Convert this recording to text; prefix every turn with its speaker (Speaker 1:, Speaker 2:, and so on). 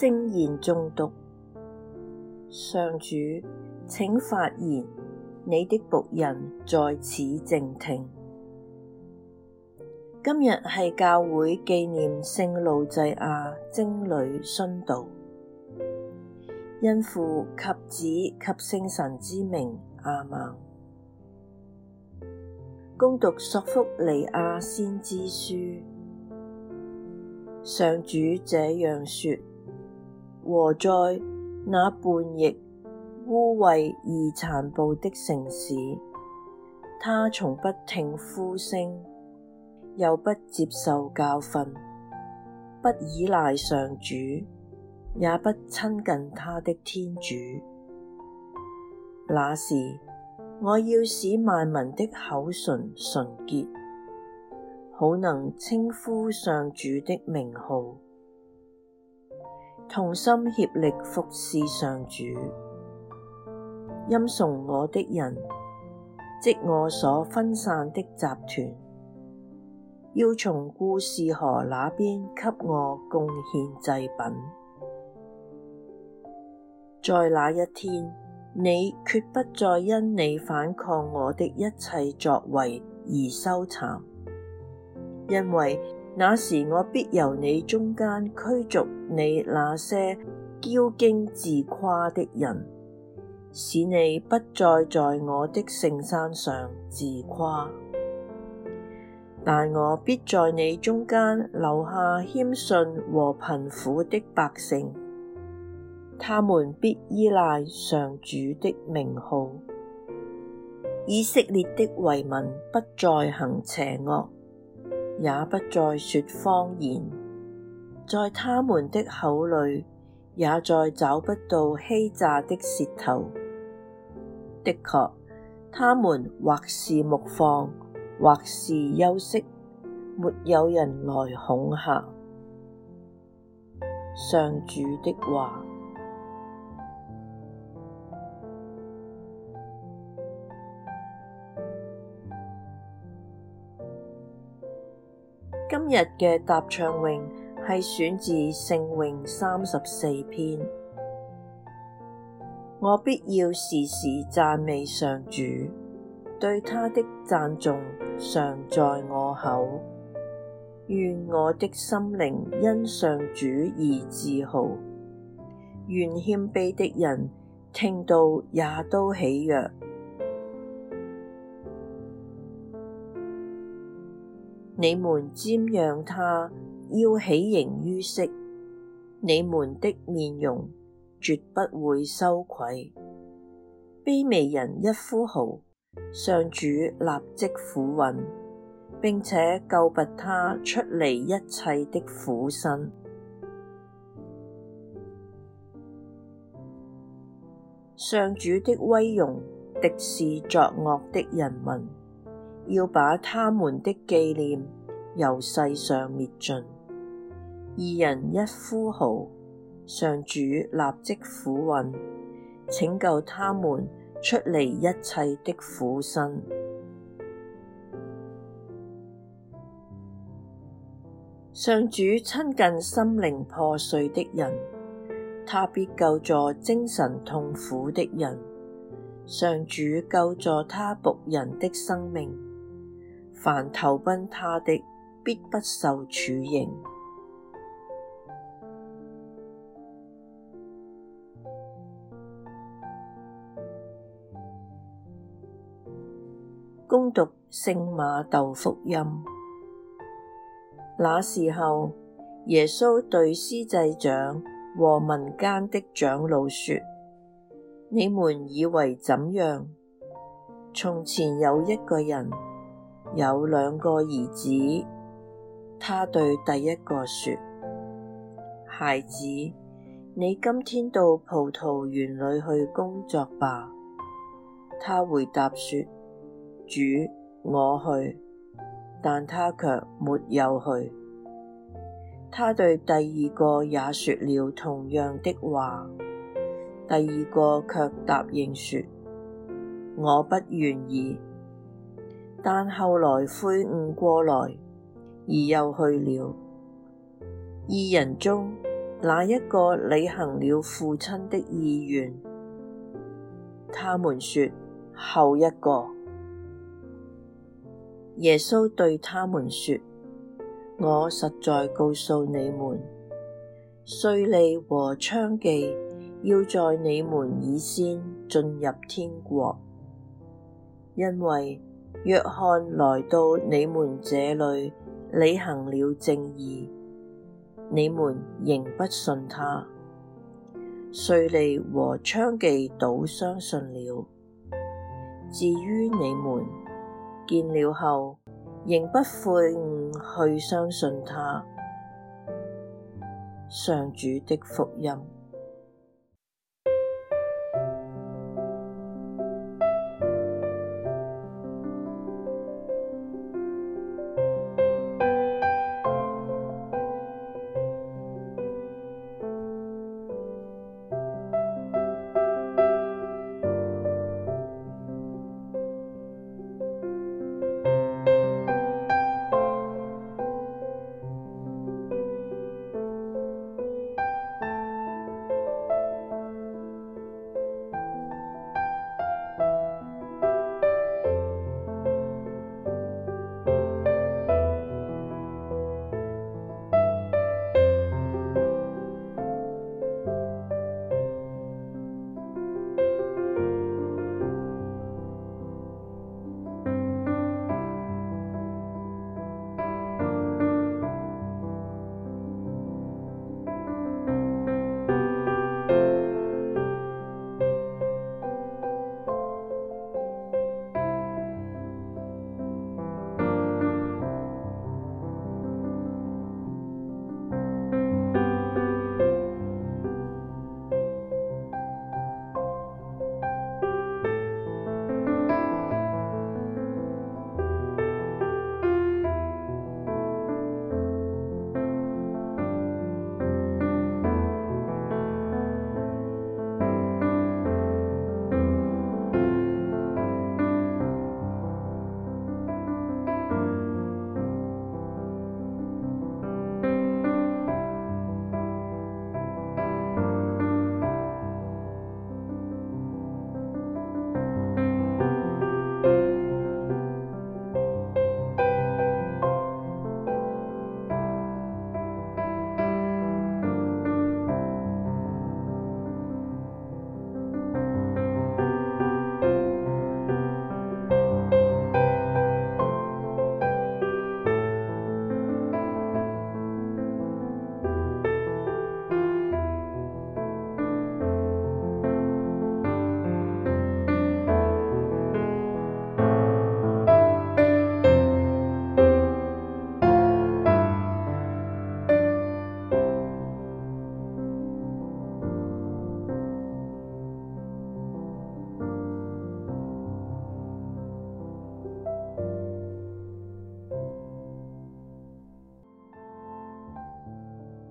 Speaker 1: 聖言誦讀，上主，請發言，你的僕人在此靜聽。今日係教會紀念聖路濟亞貞女殉道，因父及子及聖神之名，阿們。恭讀索福尼亞先知書，上主這樣說。禍哉！那叛逆、污穢而殘暴的城市！她從不聽呼聲，又不接受教訓，不倚賴上主，也不親近她的天主。那時，我要使萬民的口唇純潔，好能稱呼上主的名號。同心協力服侍上主，欽崇我的人，即我所分散的集團，要從雇士河那邊給我貢獻祭品。在那一天，你決不再因你反抗我的一切作為而羞慚，因為，那時我必由你中間驅逐你那些驕矜自誇的人，使你不再在我的聖山上自誇。但我必在你中間留下謙遜和貧苦的百姓，他們必依賴上主的名號。以色列的遺民不再行邪惡。也不再說謊言，在他們的口裏，也再找不到欺詐的舌頭。的確，他們或是牧放，或是休息，沒有人來恐嚇。上主的話。今日嘅答唱詠係選自聖詠三十四篇，我必要時時讚美上主，對他的讚頌常在我口，願我的心靈因上主而自豪，願謙卑的人聽到也都喜悅。你們瞻仰他，要喜形於色。你們的面容絕不會羞愧。卑微人一呼號，上主立即俯允，並且救拔他出離一切的苦辛。上主的威容敵視作惡的人民。要把他們的紀念由世上滅盡。義人一呼號，上主立即俯允，拯救他們出離一切的苦辛。上主親近心靈破碎的人，他必救助精神痛苦的人。上主救助他僕人的生命。凡投奔他的，必不受處刑。恭讀聖瑪竇福音。那時候，耶穌對司祭長和民間的長老說：你們以為怎樣？從前有一個人。有兩個兒子，他對第一個說：孩子，你今天到葡萄園裏去工作吧。他回答說：主，我去。但他卻沒有去。他對第二個也說了同樣的話，第二個卻答應說：我不願意。但後來悔悟過來，而又去了。二人中那一個履行了父親的意願？他們說，後一個。耶穌對他們說：我實在告訴你們，稅吏和娼妓要在你們以先進入天國，因為。若翰來到你們這裏，履行了正義，你們仍不信他。稅吏和娼妓倒相信了，至於你們，見了後仍不悔悟去相信他。上主的福音。